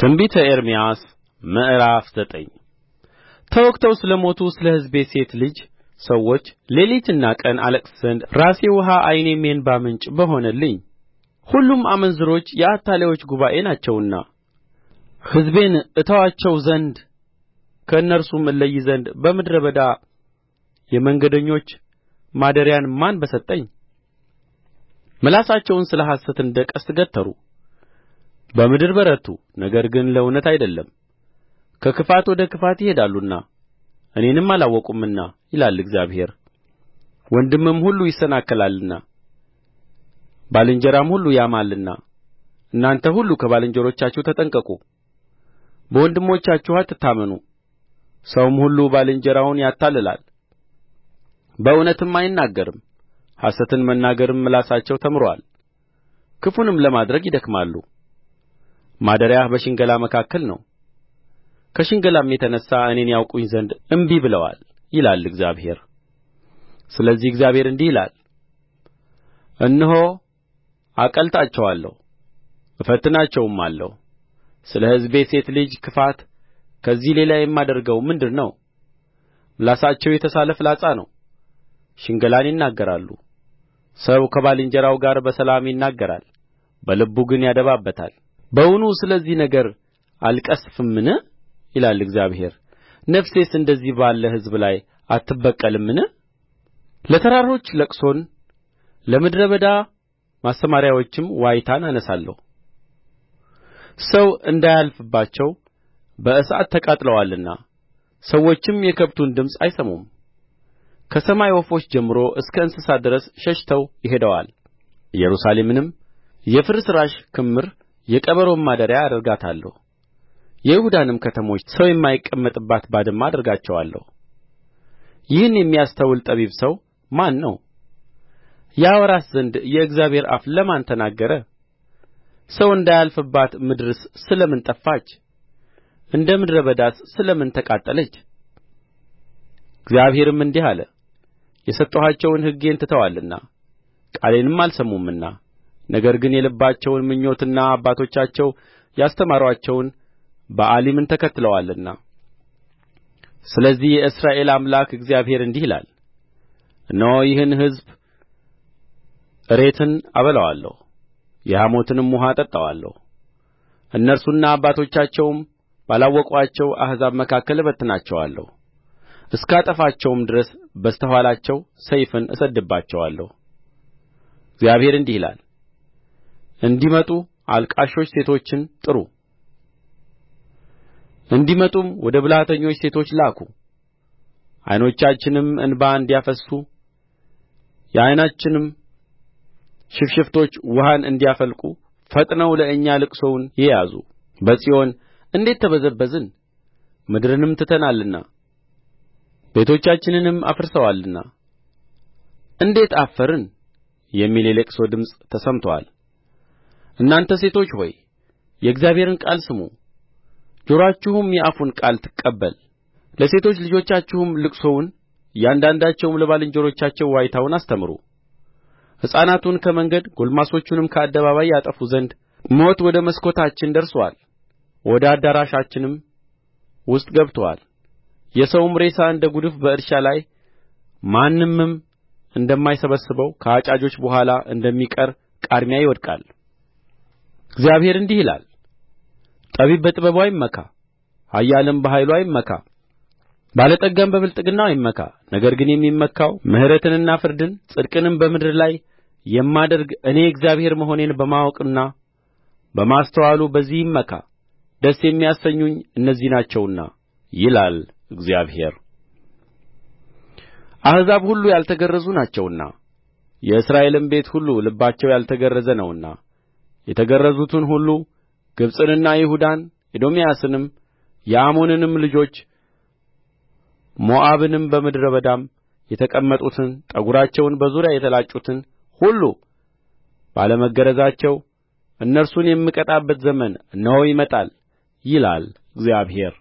ትንቢተ ኤርምያስ ምዕራፍ ዘጠኝ ተወግተው ስለ ሞቱ ስለ ሕዝቤ ሴት ልጅ ሰዎች ሌሊትና ቀን አለቅስ ዘንድ ራሴ ውኃ ዓይኔም የእንባ ምንጭ በሆነልኝ ሁሉም አመንዝሮች የአታላዮች ጉባኤ ናቸውና ሕዝቤን እተዋቸው ዘንድ ከእነርሱም እለይ ዘንድ በምድረ በዳ የመንገደኞች ማደሪያን ማን በሰጠኝ ምላሳቸውን ስለ ሐሰት እንደ ቀስት ገተሩ በምድር በረቱ ነገር ግን ለእውነት አይደለም ከክፋት ወደ ክፋት ይሄዳሉና እኔንም አላወቁምና ይላል እግዚአብሔር ወንድምም ሁሉ ይሰናከላልና ባልንጀራም ሁሉ ያማልና እናንተ ሁሉ ከባልንጀሮቻችሁ ተጠንቀቁ በወንድሞቻችሁ አትታመኑ ሰውም ሁሉ ባልንጀራውን ያታልላል በእውነትም አይናገርም ሐሰትን መናገርም ምላሳቸው ተምሮአል ክፉንም ለማድረግ ይደክማሉ ማደሪያህ በሽንገላ መካከል ነው ከሽንገላም የተነሣ እኔን ያውቁኝ ዘንድ እንቢ ብለዋል ይላል እግዚአብሔር ስለዚህ እግዚአብሔር እንዲህ ይላል እነሆ አቀልጣቸዋለሁ እፈትናቸውማለሁ ስለ ሕዝቤ ሴት ልጅ ክፋት ከዚህ ሌላ የማደርገው ምንድር ነው ምላሳቸው የተሳለ ፍላጻ ነው ሽንገላን ይናገራሉ ሰው ከባልንጀራው ጋር በሰላም ይናገራል በልቡ ግን ያደባበታል በውኑ ስለዚህ ነገር አልቀሥፍምን ይላል እግዚአብሔር ነፍሴስ እንደዚህ ባለ ሕዝብ ላይ አትበቀልምን ለተራሮች ልቅሶን ለምድረ በዳ ማሰማርያዎችም ዋይታን አነሣለሁ ሰው እንዳያልፍባቸው በእሳት ተቃጥለዋልና ሰዎችም የከብቱን ድምፅ አይሰሙም ከሰማይ ወፎች ጀምሮ እስከ እንስሳ ድረስ ሸሽተው ሄደዋል ኢየሩሳሌምንም የፍርስራሽ ክምር የቀበሮም ማደሪያ አደርጋታለሁ የይሁዳንም ከተሞች ሰው የማይቀመጥባት ባድማ አደርጋቸዋለሁ ይህን የሚያስተውል ጠቢብ ሰው ማን ነው ያወራስ ዘንድ የእግዚአብሔር አፍ ለማን ተናገረ ሰው እንዳያልፍባት ምድርስ ስለ ምን ጠፋች እንደ ምድረ በዳስ ስለ ምን ተቃጠለች እግዚአብሔርም እንዲህ አለ የሰጠኋቸውን ሕጌን ትተዋልና ቃሌንም አልሰሙምና ነገር ግን የልባቸውን ምኞትና አባቶቻቸው ያስተማሩአቸውን በኣሊምን ተከትለዋልና ስለዚህ የእስራኤል አምላክ እግዚአብሔር እንዲህ ይላል እነሆ ይህን ሕዝብ እሬትን አበላዋለሁ የሐሞትንም ውኃ አጠጣዋለሁ እነርሱና አባቶቻቸውም ባላወቋቸው አሕዛብ መካከል እበትናቸዋለሁ እስካጠፋቸውም ድረስ በስተ ኋላቸው ሰይፍን እሰድድባቸዋለሁ እግዚአብሔር እንዲህ ይላል እንዲመጡ አልቃሾች ሴቶችን ጥሩ እንዲመጡም ወደ ብልሃተኞች ሴቶች ላኩ ዓይኖቻችንም እንባ እንዲያፈስሱ የዓይናችንም ሽፋሽፍቶች ውኃን እንዲያፈልቁ ፈጥነው ለእኛ ልቅሶውን ይያዙ በጽዮን እንዴት ተበዘበዝን ምድርንም ትተናልና ቤቶቻችንንም አፍርሰዋልና እንዴት አፈርን የሚል የልቅሶ ድምፅ ተሰምቶአል እናንተ ሴቶች ሆይ የእግዚአብሔርን ቃል ስሙ ጆሮአችሁም የአፉን ቃል ትቀበል ለሴቶች ልጆቻችሁም ልቅሶውን እያንዳንዳቸውም ለባልንጀሮቻቸው ዋይታውን አስተምሩ ሕፃናቱን ከመንገድ ጕልማሶቹንም ከአደባባይ ያጠፉ ዘንድ ሞት ወደ መስኮታችን ደርሶአል ወደ አዳራሻችንም ውስጥ ገብቶአል የሰውም ሬሳ እንደ ጕድፍ በእርሻ ላይ ማንምም እንደማይሰበስበው ከአጫጆች በኋላ እንደሚቀር ቃርሚያ ይወድቃል እግዚአብሔር እንዲህ ይላል ጠቢብ በጥበቡ አይመካ ኃያልም በኃይሉ አይመካ ባለጠጋም በብልጥግናው አይመካ ነገር ግን የሚመካው ምሕረትንና ፍርድን ጽድቅንም በምድር ላይ የማደርግ እኔ እግዚአብሔር መሆኔን በማወቅና በማስተዋሉ በዚህ ይመካ ደስ የሚያሰኙኝ እነዚህ ናቸውና ይላል እግዚአብሔር አሕዛብ ሁሉ ያልተገረዙ ናቸውና የእስራኤልም ቤት ሁሉ ልባቸው ያልተገረዘ ነውና የተገረዙትን ሁሉ ግብጽንና ይሁዳን ኤዶምያስንም የአሞንንም ልጆች ሞዓብንም በምድረ በዳም የተቀመጡትን ጠጕራቸውን በዙሪያ የተላጩትን ሁሉ ባለመገረዛቸው እነርሱን የምቀጣበት ዘመን እነሆ ይመጣል ይላል እግዚአብሔር